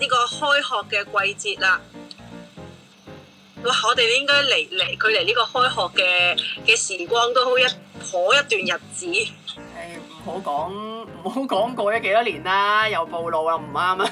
呢個開學嘅季節啦，哇！我哋應該離嚟距離呢個開學嘅嘅時光都好一頗一段日子。誒、哎，唔好講，唔好講過咗幾多年啦，又暴露啦，唔啱啊！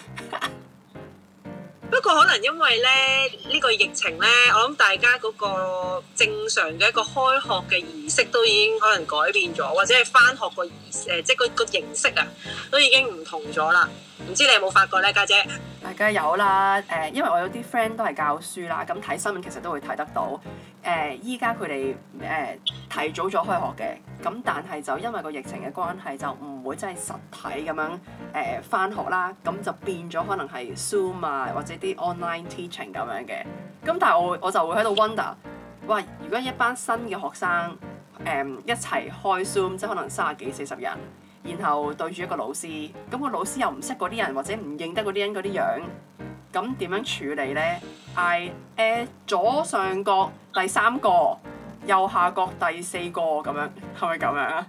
不過可能因為咧呢、呢個疫情咧，我諗大家嗰個正常嘅一個開學嘅儀式都已經可能改變咗，或者係翻學、呃、個誒即係嗰個形式啊，都已經唔同咗啦。唔知你有冇發覺咧，家姐，姐？梗係有啦，誒、呃，因為我有啲 friend 都係教書啦，咁睇新聞其實都會睇得到。誒依家佢哋誒提早咗開學嘅，咁但係就因為個疫情嘅關係，就唔會真係實體咁樣誒翻、呃、學啦，咁就變咗可能係 Zoom 啊或者啲 online teaching 咁樣嘅。咁但係我我就會喺度 wonder，哇！如果一班新嘅學生誒、呃、一齊開 Zoom，即係可能三十幾四十人，然後對住一個老師，咁、個老師又唔識嗰啲人或者唔認得嗰啲人嗰啲樣。咁點樣處理咧？嗌、哎、誒左上角第三個，右下角第四個咁樣，係咪咁樣啊？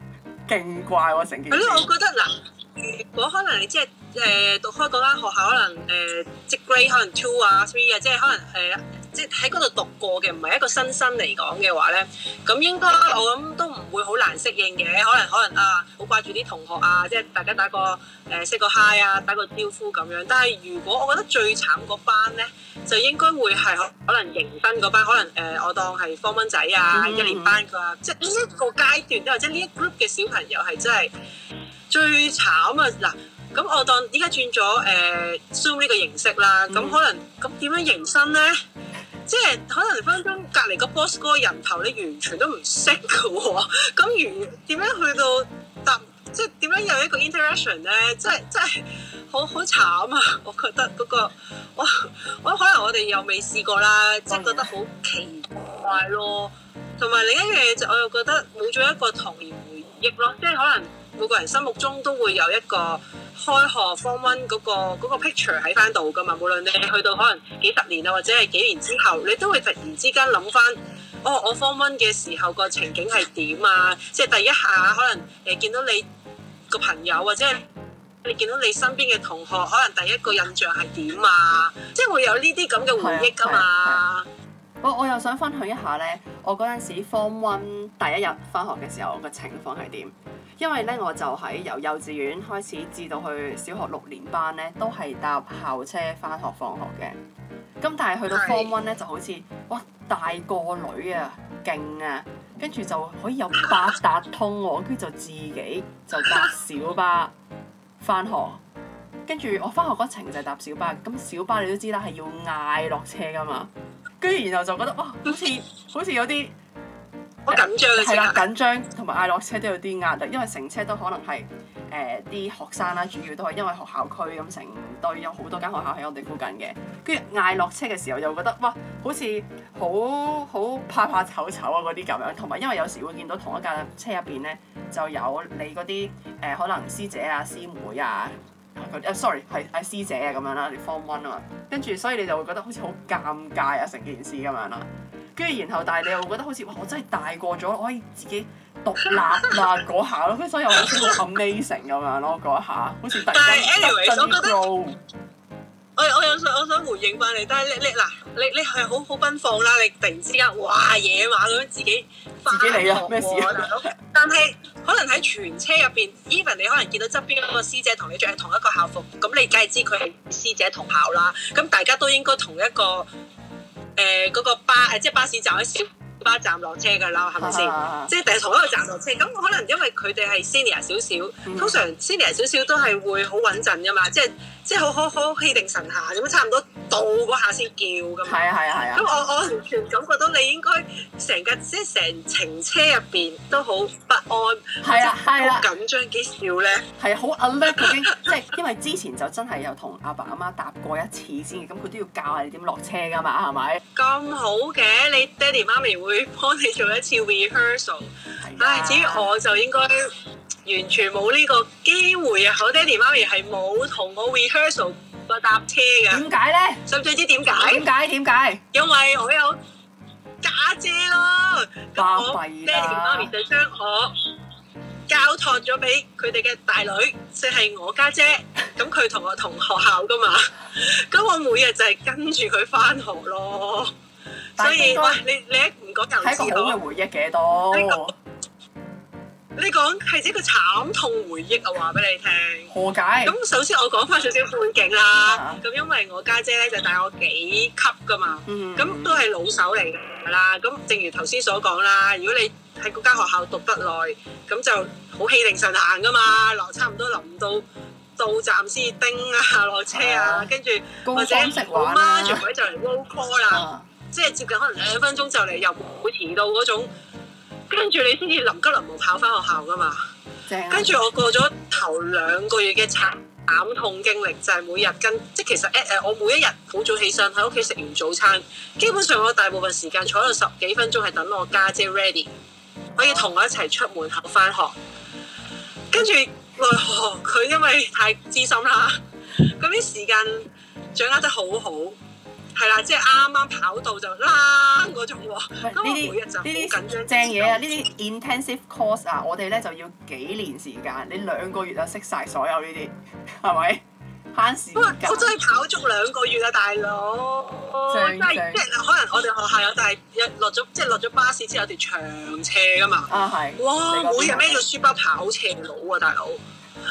勁怪喎成件！係咯、嗯，我覺得嗱、呃，如果可能你即係誒讀開嗰間學校，可能誒、呃、即 grade 可能 two 啊 three 啊，即係可能誒。呃即係喺嗰度讀過嘅，唔係一個新生嚟講嘅話咧，咁應該我諗都唔會好難適應嘅。可能可能啊，好掛住啲同學啊，即係大家打個誒識個嗨啊，打個招呼咁樣。但係如果我覺得最慘嗰班咧，就應該會係可能迎賓嗰班，可能誒、呃、我當係方蚊仔啊，嗯、一年班佢啊，嗯、即係呢一個階段，或者呢一 group 嘅小朋友係真係最慘啊！嗱，咁我當依家轉咗誒、呃、zoom 呢個形式啦，咁可能咁點樣迎新咧？即係可能分分鐘隔離個 boss 哥人頭，你完全都唔識嘅喎。咁如點樣去到搭？即係點樣有一個 interaction 咧？即係即係好好慘啊！我覺得嗰、嗰個我，我可能我哋又未試過啦，即係覺得好奇怪咯。同埋另一樣嘢就，我又覺得冇咗一個童年回憶咯，即係可能。每個人心目中都會有一個開學 form one 嗰個 picture 喺翻度噶嘛，無論你去到可能幾十年啊，或者係幾年之後，你都會突然之間諗翻哦，我 form one 嘅時候個情景係點啊？即係第一下可能誒見到你個朋友或者係你見到你身邊嘅同學，可能第一個印象係點啊？即係會有呢啲咁嘅回憶噶嘛？我我又想分享一下咧，我嗰陣時 form one 第一日翻學嘅時候，個情況係點？因為咧，我就喺由幼稚園開始至到去小學六年班咧，都係搭校車翻學放學嘅。咁但係去到 form one 咧，就好似哇，大個女啊，勁啊，跟住就可以有八達通喎，跟住就自己就搭小巴翻學。跟住我翻學嗰程就係搭小巴，咁小巴你都知啦，係要嗌落車㗎嘛。跟住然後就覺得哇、哦，好似好似有啲～啊、緊張係啦，緊張同埋嗌落車都有啲壓力，因為成車都可能係誒啲學生啦，主要都係因為學校區咁，成堆有好多間學校喺我哋附近嘅，跟住嗌落車嘅時候又覺得哇，好似好好怕怕醜醜啊嗰啲咁樣，同埋因為有時會見到同一架車入邊咧就有你嗰啲誒可能師姐啊師妹啊，啊 sorry 係係師姐啊咁樣啦，你 form one 啊嘛，跟住所以你就會覺得好似好尷尬啊成件事咁樣啦。跟住然後，但係你又覺得好似哇！我真係大過咗，我可以自己獨立啦嗰下咯，所以我覺得好 amazing 咁樣咯嗰一下，好似突然間但係 anyway。我我有想我想回應翻你，但係你你嗱你你係好好奔放啦！你突然之間哇野馬咁自己自己嚟啊咩事啊？但係可能喺全車入邊，Even 你可能見到側邊嗰個師姐同你著同一個校服，咁你梗係知佢係師姐同校啦。咁大家都應該同一個。誒，嗰、呃嗰個巴誒，即係巴士站喺小巴站落車㗎啦，係咪先？ 即係第係同一個站落車，咁可能因為佢哋係 senior 少少，通常 senior 少少都係會好穩陣㗎嘛，即係即係好好好氣定神閒咁，差唔多。到嗰下先叫噶嘛，係啊係啊係啊！咁、啊啊、我我完全感覺到你應該成架即係成程車入邊都好不安，係啊，係啦，緊張幾少咧？係好 unlike 已即係因為之前就真係有同阿爸阿媽，媽搭過一次先嘅，咁佢都要教你下你點落車噶嘛，係咪？咁好嘅，你爹哋媽咪會幫你做一次 rehearsal。係、啊。唉，至於我就應該完全冇呢個機會啊！我爹哋媽咪係冇同我 rehearsal。個搭車嘅，點解咧？想唔想知點解？點解？點解？因為我有家姐咯，咁我爹哋媽咪就將我交託咗俾佢哋嘅大女，即係我家姐。咁佢同我同學校噶嘛，咁我每日就係跟住佢翻學咯。所以，喂，你你唔講舊事咯。係一個好嘅回憶嘅多。你講係一個慘痛回憶啊，我話俾你聽。何解？咁首先我講返少少背景啦。咁、啊、因為我家姐咧就大我幾級噶嘛，咁、嗯、都係老手嚟噶啦。咁正如頭先所講啦，如果你喺嗰間學校讀得耐，咁就好氣定神閒噶嘛。嗱，差唔多臨到到站先叮啊落車啊，跟住或者阿媽仲喺就嚟 w a l call 啦，啊啊、即係接近可能兩分鐘就嚟又會遲到嗰種。跟住你先至臨急臨忙跑翻學校㗎嘛，跟住我過咗頭兩個月嘅慘痛經歷，就係、是、每日跟即係其實誒誒，我每一日好早起身喺屋企食完早餐，基本上我大部分時間坐咗十幾分鐘係等我家姐 ready，可以同我一齊出門口翻學，跟住奈何佢因為太資深啦，咁 啲時間掌握得好好。係啦，即係啱啱跑到就拉嗰種喎。咁、那、啊、個，每日就好緊張。正嘢啊，呢啲 intensive course 啊，我哋咧就要幾年時間，你兩個月就識晒所有呢啲，係咪？慳時間。我真係跑足兩個月啊，大佬！正正。我真即係可能我哋學校有，但係落咗，即係落咗巴士之後有條長斜噶嘛。啊係。哇！每日孭住書包跑斜路啊，大佬！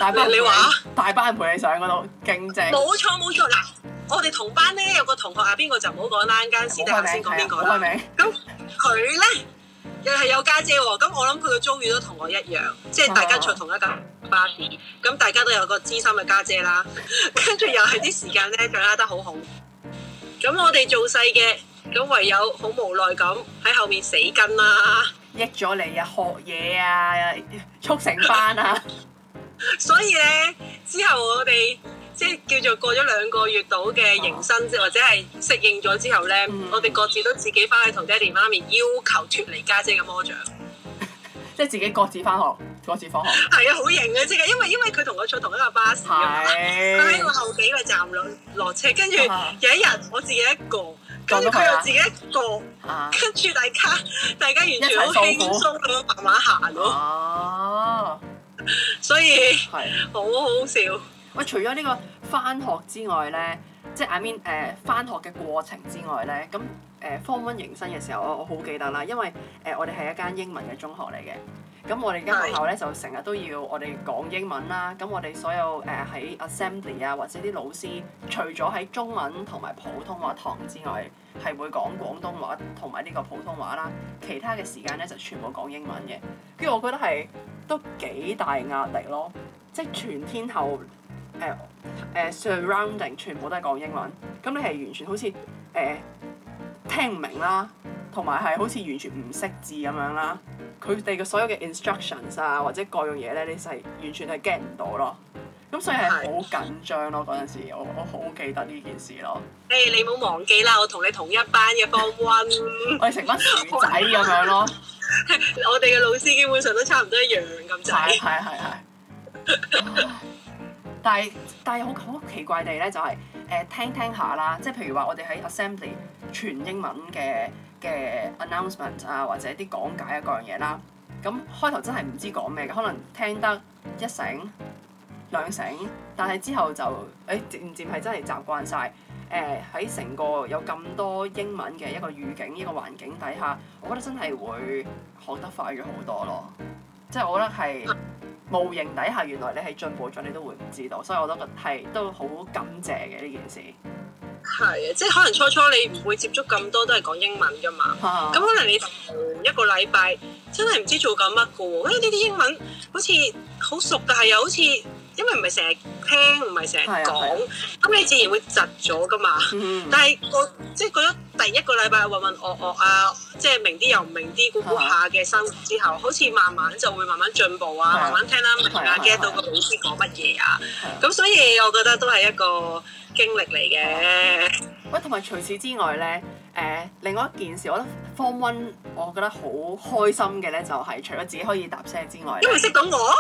大班你你說。大班陪你上嗰度，勁正。冇錯冇錯啦。我哋同班咧，有個同學阿邊個就唔好講啦，先頭先講邊個，咁佢咧又係呢有家姐喎、哦，咁我諗佢嘅遭遇都同我一樣，即係大家坐同一間巴士，咁、哦、大家都有個資深嘅家姐，姐啦，跟住又係啲時間咧，掌握得好好。咁我哋做細嘅，咁唯有好無奈咁喺後面死跟啦，益咗嚟啊，學嘢啊，促成班啊，所以咧之後我哋。即係叫做過咗兩個月度嘅迎新，或者係適應咗之後咧，我哋各自都自己翻去同爹哋媽咪要求脫離家姐嘅魔掌，即係自己各自翻學，各自放學。係啊，好型啊，即係因為因為佢同我坐同一個巴士，佢喺我後幾個站落落車，跟住有一日我自己一個，跟住佢又自己一個，跟住大家大家完全好輕鬆咁慢慢行咯。所以好好笑。喂、啊，除咗呢個返學之外咧，即係 I mean 誒返學嘅過程之外咧，咁誒放温迎新嘅時候，我我好記得啦，因為誒、呃、我哋係一間英文嘅中學嚟嘅，咁我哋間學校咧就成日都要我哋講英文啦。咁我哋所有誒喺、呃、Assembly 啊，或者啲老師，除咗喺中文同埋普通話堂之外，係會講廣東話同埋呢個普通話啦。其他嘅時間咧就全部講英文嘅，跟住我覺得係都幾大壓力咯，即係全天候。誒誒、 uh, uh, surrounding 全部都係講英文，咁你係完全好似誒、uh, 聽唔明啦，同埋係好似完全唔識字咁樣啦。佢哋嘅所有嘅 instructions 啊，或者各樣嘢咧，你係完全係 get 唔到咯。咁所以係好緊張咯，嗰陣時我我好記得呢件事咯。誒你唔好忘記啦，我同你同一班嘅 form one，我哋成班薯仔咁樣咯。 我哋嘅老師基本上都差唔多一樣咁滯。係係 但係但係好好奇怪地咧、就係，就係誒聽聽下啦，即係譬如話我哋喺 assembly 全英文嘅嘅 announcement 啊，或者啲講解一啊各樣嘢啦，咁開頭真係唔知講咩嘅，可能聽得一成兩成，但係之後就誒漸漸係真係習慣晒。誒喺成個有咁多英文嘅一個語境，依個環境底下，我覺得真係會學得快咗好多咯。即係我覺得係模型底下原來你係進步咗，你都會唔知道，所以我覺得都覺係都好感謝嘅呢件事。係啊，即係可能初初你唔會接觸咁多都係講英文噶嘛，咁 可能你前一個禮拜真係唔知做緊乜嘅喎，因為呢啲英文好似好熟，但係又好似。因為唔係成日聽，唔係成日講，咁你自然會窒咗噶嘛。嗯、但係過即係過咗第一個禮拜混混噩噩啊，即係、就是、明啲又唔明啲，估估下嘅生活之後，的好似慢慢就會慢慢進步啊，的慢慢聽啦，明啊，get 到個老師講乜嘢啊。咁所以我覺得都係一個經歷嚟嘅。喂，同埋除此之外咧，誒、呃，另外一件事，我覺得 Form One 我覺得好開心嘅咧，就係除咗自己可以搭車之外，因為識到我。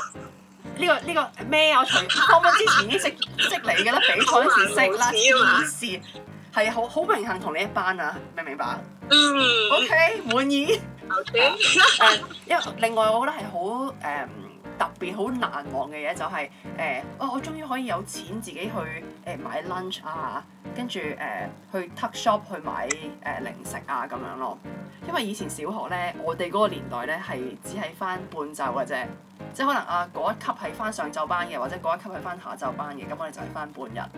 呢、這個呢、這個咩啊？除我之前已經識識你㗎啦，比賽嗰時識啦，件事係好好榮幸同你一班啊！明唔明白？嗯、um,，OK，滿意。好 Okay. 因為誒，另外我覺得係好誒特別好難忘嘅嘢，就是，就係誒，哇！我終於可以有錢自己去。誒買 lunch 啊，跟住誒去 tuck shop 去買誒、呃、零食啊咁樣咯，因為以前小學咧，我哋嗰個年代咧係只係翻半晝嘅啫，即係可能啊嗰一級係翻上晝班嘅，或者嗰一級係翻下晝班嘅，咁我哋就係翻半日。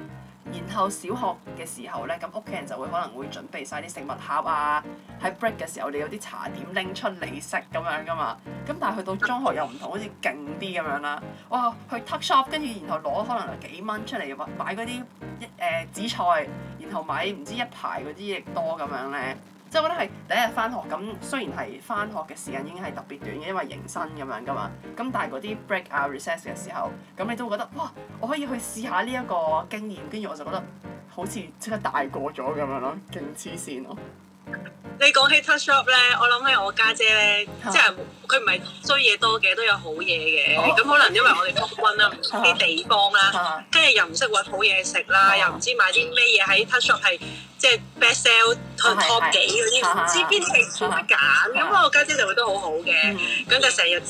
然後小學嘅時候咧，咁屋企人就會可能會準備晒啲食物盒啊，喺 break 嘅時候你有啲茶點拎出嚟食咁樣噶嘛。咁但係去到中學又唔同，好似勁啲咁樣啦。哇，去 tuck shop 跟住然後攞可能幾蚊出嚟買買嗰啲誒紫菜，然後買唔知一排嗰啲益多咁樣咧。即係我覺得係第一日返學，咁雖然係返學嘅時間已經係特別短嘅，因為迎新咁樣㗎嘛，咁但係嗰啲 break 啊、recess 嘅時候，咁你都會覺得哇，我可以去試下呢一個經驗，跟住我就覺得好似即刻大個咗咁樣咯，勁黐線咯～你講起 Touch Shop 咧，我諗起我家姐咧，即係佢唔係衰嘢多嘅，都有好嘢嘅。咁可能因為我哋復婚啦，啲地方啦，跟住又唔識搵好嘢食啦，又唔知買啲咩嘢喺 Touch Shop 係即係 Best Sell Top Top 幾嗰啲，唔知邊食點揀。咁我家姐就會都好好嘅，咁就成日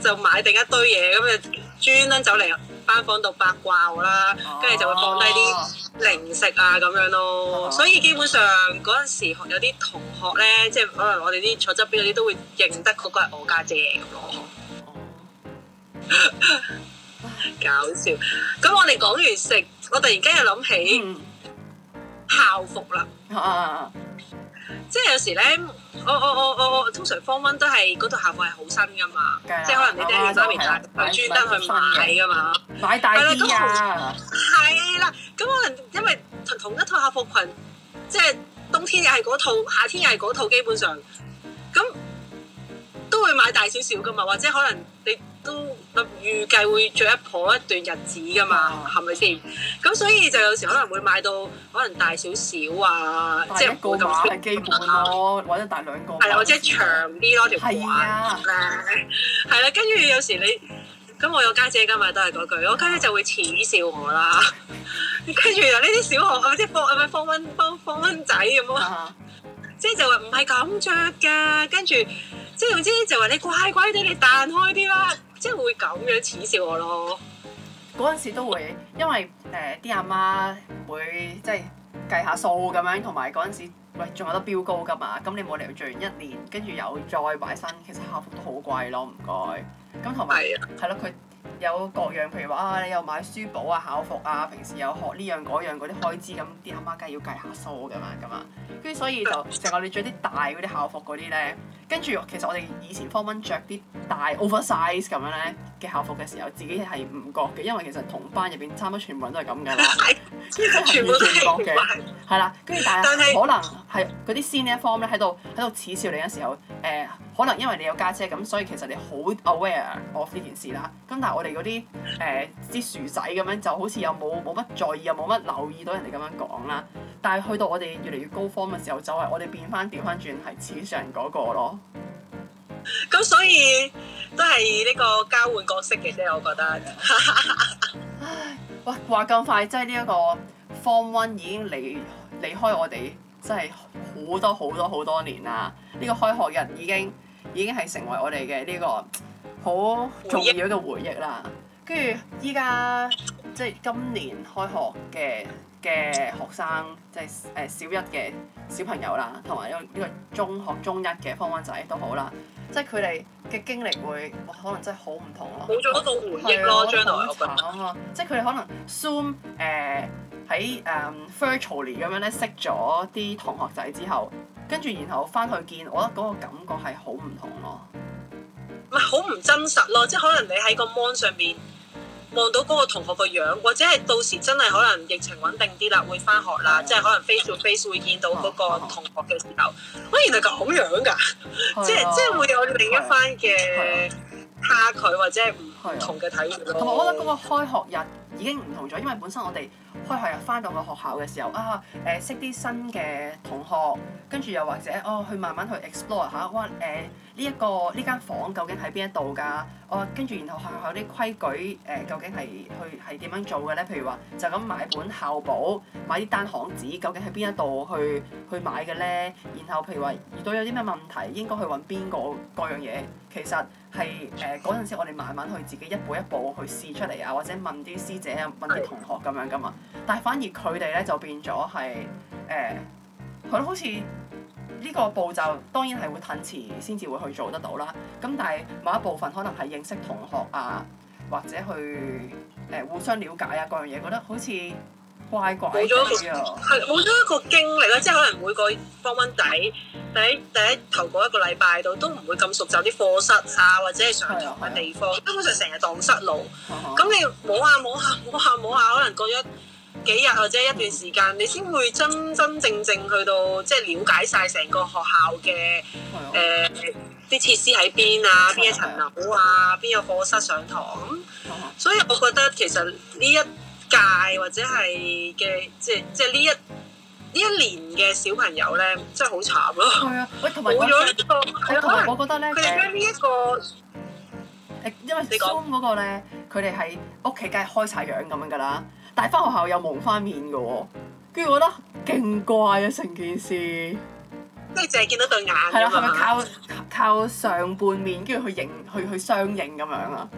就買定一堆嘢，咁就專登走嚟返房度八卦啦，跟住就會放低啲。零食啊，咁樣咯。哦、所以基本上嗰陣、嗯、時有啲同學咧，即係可能我哋啲坐側邊嗰啲都會認得嗰個係我家姐咁咯。 搞笑。咁我哋講完食，我突然間又諗起校服啦。嗯 即係有時咧，我我我我我通常 form one 都係嗰套校服係好新噶嘛，的即係可能你爹哋媽咪帶專登去買噶嘛，買大啲啊，係啦，咁可能因為同一套校服裙，即係冬天又係嗰套，夏天又係嗰套，基本上咁都會買大少少噶嘛，或者可能你都，預計會着一頗一段日子㗎嘛，係咪先？咁所以就有時可能會買到可能大少少啊，即係高個碼係基本咯，嗯、或者大兩個碼。係、嗯、啊，即係長啲咯條褲咧、啊。係啦，跟住有時你咁我有家姐，姐，今日都係嗰句，我家姐，姐就會恥笑我啦。跟住呢啲小學啊，即係放啊，唔温方方蚊仔咁咯，即係就話唔係咁着㗎。跟住即係總之就話你乖乖地你彈開啲啦。即係會咁樣恥笑我咯，嗰陣時都會，因為誒啲阿媽會即係計下數咁樣，同埋嗰陣時，喂，仲有得標高噶嘛，咁你冇理由做完一年，跟住又再買新，其實校服都好貴咯，唔該，咁同埋係咯佢。有各樣，譬如話啊，你又買書簿啊、校服啊，平時又學呢樣嗰樣嗰啲開支，咁啲阿媽梗係要計下數㗎嘛，㗎嘛。跟住所以就成日你着啲大嗰啲校服嗰啲咧，跟住其實我哋以前 form one 著啲大 oversize 咁樣咧嘅校服嘅時候，自己係唔覺嘅，因為其實同班入邊差唔多全部人都係咁㗎啦，即係全部唔覺嘅，係啦。跟住但係是可能係嗰啲先呢，form 咧喺度喺度恥笑你嘅時候，誒、呃、可能因為你有家姐咁，所以其實你好 aware of 呢件事啦。咁但係我哋嗰啲誒啲薯仔咁樣，就好似又冇冇乜在意，又冇乜留意到人哋咁樣講啦。但係去到我哋越嚟越高 form 嘅時候，就係、是、我哋變翻調翻轉，係史上嗰個咯。咁所以都係呢個交換角色嘅啫，我覺得。唉 ，哇！話咁快，即係呢一個 form one 已經離離開我哋，真係好多好多好多，多年啦。呢、這個開學日已經已經係成為我哋嘅呢個。好重要嘅回憶啦，跟住依家即係今年開學嘅嘅學生，即係誒小一嘅小朋友啦，同埋呢呢個中學中一嘅方彎仔都好啦，即係佢哋嘅經歷會可能真係好唔同咯、啊，冇做到回憶咯，最慘咯，我覺得，即係佢哋可能 Zoom 誒、呃、喺誒、呃、virtually 咁樣咧識咗啲同學仔之後，跟住然後返去見，我覺得嗰個感覺係好唔同咯、啊。唔係好唔真實咯，即係可能你喺個 mon 上面望到嗰個同學個樣，或者係到時真係可能疫情穩定啲啦，會翻學啦，嗯、即係可能 face to face 會見到嗰個同學嘅時候，哇、嗯！嗯、原來咁樣噶，即係即係會有另一番嘅差距或者係唔同嘅體驗，同埋我覺得嗰個開學日。已經唔同咗，因為本身我哋開學日翻到個學校嘅時候啊，誒識啲新嘅同學，跟住又或者哦，去慢慢去 explore 下，哇，誒呢一個呢間房究竟喺邊一度㗎？哦、啊，跟住然後學校啲規矩誒、呃、究竟係去係點樣做嘅咧？譬如話就咁買本校簿，買啲單行紙，究竟喺邊一度去去買嘅咧？然後譬如話遇到有啲咩問題，應該去揾邊個各樣嘢？其實係誒嗰陣時，我哋慢慢去自己一步一步去試出嚟啊，或者問啲師。者啊，揾啲同學咁樣噶嘛，但係反而佢哋咧就變咗係誒，佢、呃、好似呢個步驟當然係會褪遲先至會去做得到啦。咁但係某一部分可能係認識同學啊，或者去誒、呃、互相了解啊各樣嘢，覺得好似。冇咗一個，係冇咗一個經歷啦，即係可能每個放溫底，第一第一頭嗰一個禮拜度都唔會咁熟習啲課室啊，或者係上堂嘅地方，根本上成日蕩失路。咁、啊、哈你摸下摸下摸下摸下，可能過咗幾日或者一段時間，你先會真真正正去到即係、就是、了解晒成個學校嘅誒啲設施喺邊啊，邊一、啊、層樓啊，邊個、啊、課室上堂。所以我覺得其實呢一界或者係嘅，即係即係呢一呢一年嘅小朋友咧，真係好慘咯。係啊、 哎，喂、那個，同埋、 哎、我覺得呢，我覺得咧佢哋呢一個因為 Zoom 嗰個咧，佢哋喺屋企梗係開晒樣咁樣噶啦，但係翻學校又蒙翻面嘅喎，跟住我覺得勁怪啊成件事，即係淨係見到對眼，係啦、啊，係咪靠靠上半面，跟住去影去去，去相應咁樣啊。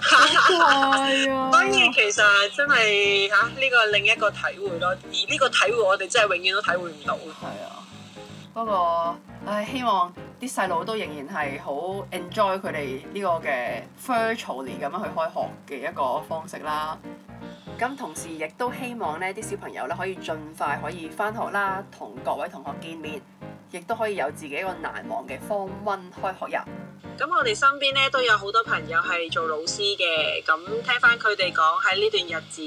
係啊，當然其實真係吓呢個另一個體會咯，而呢個體會我哋真係永遠都體會唔到。係 啊，不過唉，希望啲細路都仍然係好 enjoy 佢哋呢個嘅 virtually 咁樣去開學嘅一個方式啦。咁同時亦都希望呢啲小朋友咧可以盡快可以翻學啦，同各位同學見面。亦都可以有自己一個難忘嘅放温開學日。咁我哋身邊咧都有好多朋友係做老師嘅，咁聽翻佢哋講喺呢段日子，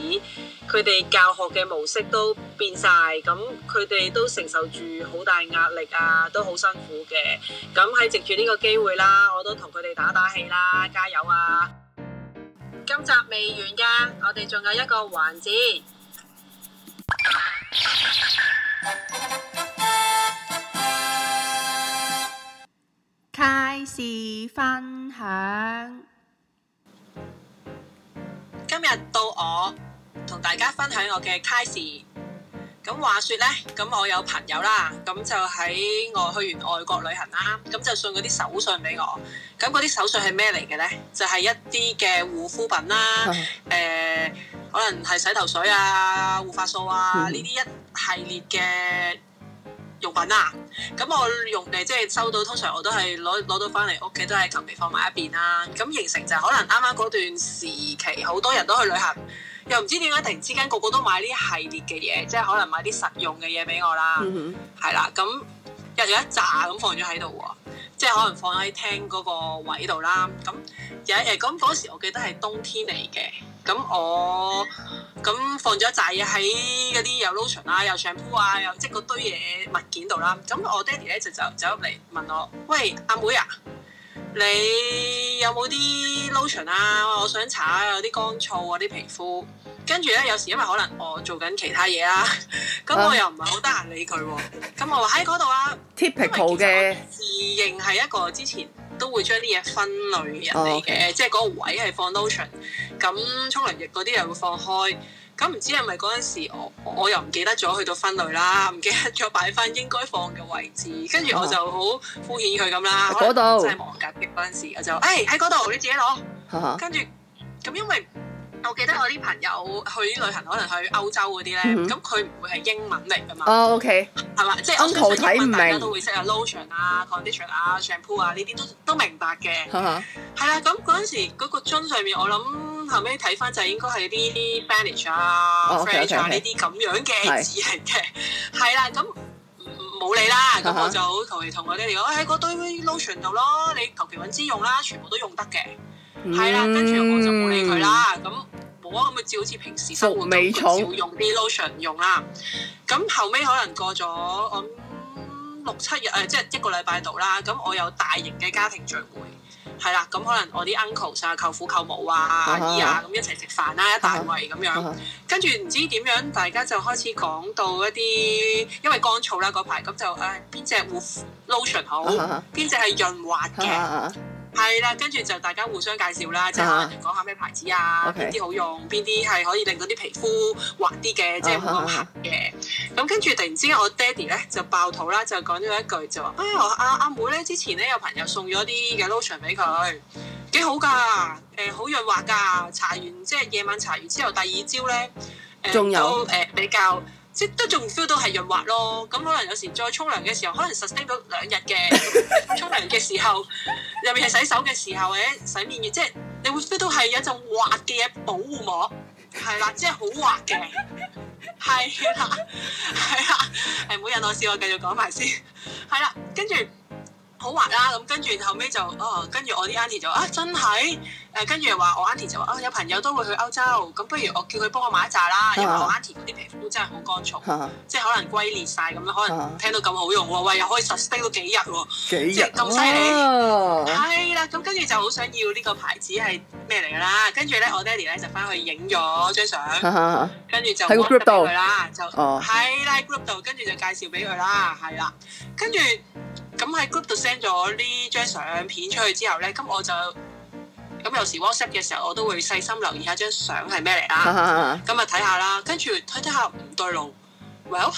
佢哋教學嘅模式都變晒，咁佢哋都承受住好大壓力啊，都好辛苦嘅。咁喺藉住呢個機會啦，我都同佢哋打打氣啦，加油啊！今集未完㗎，我哋仲有一個環節。卡士分享，今日到我同大家分享我嘅卡士。咁話說呢，咁我有朋友啦，咁就喺我去完外國旅行啦，咁就送嗰啲手信俾我。咁嗰啲手信係咩嚟嘅呢？就係、是、一啲嘅護膚品啦，嗯呃、可能係洗頭水啊、護髮素啊呢啲、嗯、一系列嘅。用品啊，咁我用誒，即係收到，通常我都係攞攞到翻嚟屋企，都係求其放埋一邊啦、啊。咁形成就可能啱啱嗰段時期，好多人都去旅行，又唔知點解突然之間個個都買呢系列嘅嘢，即係可能買啲實用嘅嘢俾我啦。係啦、mm，咁入咗一紮咁放咗喺度啊。即係可能放喺廳嗰個位度啦，咁有誒，咁嗰時我記得係冬天嚟嘅。咁我咁放咗一紮嘢喺嗰啲有 lotion 啊、有 shampoo 啊、又即係嗰堆嘢物件度啦，咁我爹哋咧就就走入嚟問我：喂，阿妹啊！你有冇啲 lotion 啊？我想搽下有啲乾燥啊啲皮膚。跟住咧，有時因為可能我做緊其他嘢啦、啊，咁、 嗯 嗯、我又唔係好得閒理佢。咁我喺嗰度啊。t i p 嘅自認係一個之前都會將啲嘢分類人嚟嘅，oh, okay. 即係嗰個位係放 lotion 咁沖涼液嗰啲又會放開。是是我唔知係咪嗰陣時，我我又唔記得咗去到分類啦，唔記得咗擺翻應該放嘅位置，跟住我就好敷衍佢咁啦。嗰度 真係忙緊嗰陣時，我就誒喺嗰度你自己攞，跟住咁因為。我記得我啲朋友去啲旅行，可能去歐洲嗰啲咧，咁佢唔會係英文嚟㗎嘛？哦，OK，係嘛？即係 Uncle 睇唔明，大家都會識啊，lotion 啊，condition 啊，shampoo 啊，呢啲都都明白嘅。嚇嚇，係啦，咁嗰陣時嗰個樽上面，我諗後尾睇翻就應該係啲 Spanish 啊、French 啊呢啲咁樣嘅字嚟嘅。係啦，咁冇理啦，咁我就求其同同佢哋講，誒嗰堆 lotion 度咯，你求其揾支用啦，全部都用得嘅。係啦，跟住我就冇理佢啦，咁。咁咪照好似平時生活咁，照用啲 lotion 用啦。咁後尾可能過咗咁六七日，誒、呃、即係一個禮拜度啦。咁我有大型嘅家庭聚會，係啦。咁可能我啲 uncle 啊、舅父、uh、舅母啊、阿姨啊咁一齊食飯啦，uh huh. 一大圍咁樣。跟住唔知點樣，大家就開始講到一啲因為乾燥啦嗰排，咁就誒邊、呃、隻會 lotion 好，邊隻係潤滑嘅。Uh huh. 係啦，跟住就大家互相介紹啦，即係講下咩牌子啊，邊啲好用，邊啲係可以令到啲皮膚滑啲嘅，即係冇咁黑嘅。咁、huh. uh huh. 跟住突然之間，我爹哋咧就爆肚啦，就講咗一句就話：哎呀，阿、啊、阿、啊、妹咧之前咧有朋友送咗啲嘅 lotion 俾佢，幾好噶，誒好潤滑噶，搽完即係夜晚搽完之後，第二朝咧仲有誒、呃、比較。即都仲 feel 到係潤滑咯，咁可能有時再沖涼嘅時候，可能實蒸到兩日嘅沖涼嘅時候，入面係洗手嘅時候或者洗面嘅，即係你會 feel 到係有一種滑嘅嘢保護膜，係啦，即係好滑嘅，係啦，係啦，係唔好引我笑，我繼續講埋先，係啦，跟住。好滑啦，咁跟住後尾就哦，跟住我啲 aunty 就啊真係，誒跟住話我 aunty 就話啊有朋友都會去歐洲，咁不如我叫佢幫我買一揸啦。因為我 aunty 嗰啲皮膚真係好乾燥，即係可能龜裂晒咁樣，可能聽到咁好用喎，喂又可以 sustain 到幾日喎，即係咁犀利，係啦，咁跟住就好想要呢個牌子係咩嚟噶啦？跟住咧我爹哋咧就翻去影咗張相，跟住就喺 group 度啦，就喺 line group 度，跟住就介紹俾佢啦，係啦，跟住。咁喺 group 度 send 咗呢張相片出去之後咧，咁我就咁有時 WhatsApp 嘅時候，我都會細心留意下張相係咩嚟啦。咁啊睇下啦，跟住睇睇下唔對路。Well，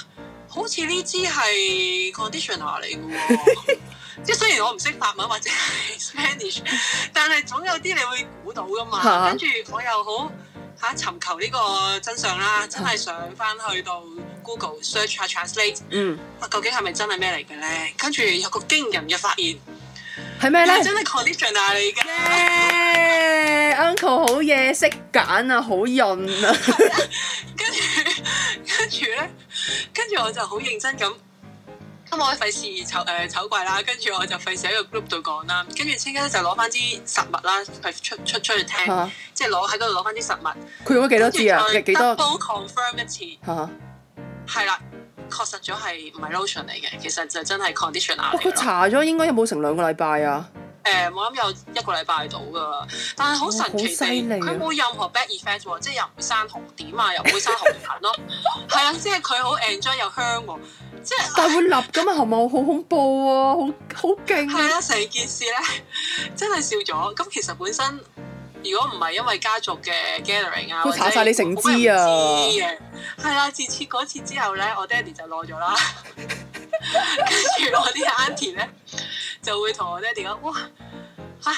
好似呢支係 conditioner 嚟嘅，即係 雖然我唔識法文或者係 Spanish，但係總有啲你會估到噶嘛。跟住 我又好。啊！尋求呢個真相啦，真係想翻去到 Google search trans、嗯、啊，translate，啊究竟係咪真係咩嚟嘅咧？跟住有個驚人嘅發現，係咩咧？真係 condition Yeah! 啊！你嘅，Uncle 好嘢，識揀啊，好潤 啊！跟住跟住咧，跟住我就好認真咁。咁、嗯、我費事醜誒、呃、醜怪啦，跟住我就費事喺個 group 度講啦，跟住即刻就攞翻啲實物啦，係出出出去聽，啊、即係攞喺嗰度攞翻啲實物。佢用咗幾多支啊？幾多 double confirm 一次。嚇、啊！係啦，確實咗係唔係 lotion 嚟嘅？其實就真係 conditioner、啊。佢查咗應該有冇成兩個禮拜啊？誒、欸，我諗有一個禮拜到噶啦，但係好神奇佢冇、哦、任何 bad effect，即係又唔會生紅點啊，又唔會生紅痕咯。係啊， 即係佢好 enjoy 又香，即係。 但係會立噶嘛，係咪？好恐怖啊，好好勁啊！係啊，成件事咧真係笑咗。咁其實本身如果唔係因為家族嘅 gathering 啊，佢查晒你成支啊。我唔知嘅。係啦，自次嗰次之後咧，我爹地就攞咗啦。跟住 我啲阿 niece 咧。就會同我爹哋講，哇，唉，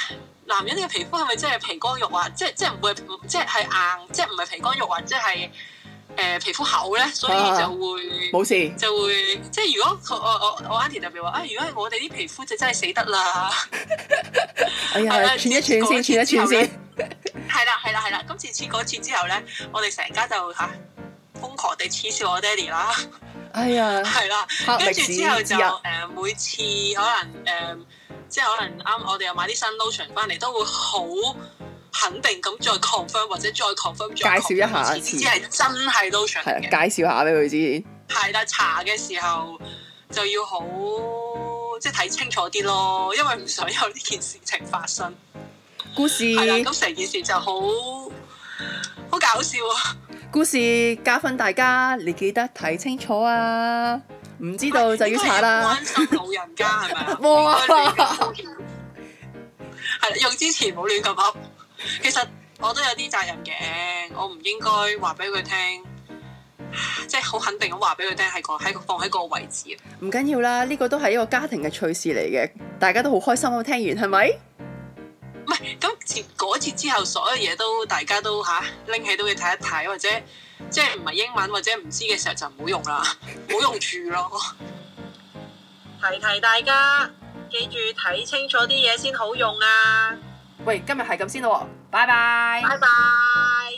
男人嘅皮膚係咪真係皮光肉啊？就是、就是即係即係唔會，即係係硬，即係唔係皮光肉，或者係誒皮膚厚咧，所以就會冇、啊、事，就會即係如、哦哎、如果我我我阿弟特別話，哎、啊，如果係我哋啲皮膚就真係死得啦，係啦，剪一剪先，剪一剪先，係啦係啦係啦，今次切嗰次之後咧，我哋成家就吓。瘋狂地恥笑我爹哋啦！哎呀，係啦 了，跟住之，之後就誒、呃，每次可能誒、呃，即係可能啱我哋又買啲新 lotion 翻嚟，都會好肯定咁再 confirm 或者再 confirm 介紹一下一次，係真係 lotion，係介紹下俾佢知。係啦的，查嘅時候就要好即係睇清楚啲咯，因為唔想有呢件事情發生。故事係啦，咁成 件事就好好搞笑啊！故事加分，大家你記得睇清楚啊！唔知道不就要查啦。老人家係咪冇啊？哇！係啦， 用之前唔好亂咁噏。其實我都有啲責任嘅，我唔應該話俾佢聽。即係好肯定，我話俾佢聽係個喺放喺個位置啊。唔緊要啦，呢、呢個都係一個家庭嘅趣事嚟嘅，大家都好開心啊！聽完係咪？唔係，咁截嗰次之後，所有嘢都大家都吓拎、啊、起都要睇一睇，或者即係唔係英文或者唔知嘅時候就唔好用啦，冇 用處咯。提提大家，記住睇清楚啲嘢先好用啊！喂，今日係咁先咯，拜拜。拜拜。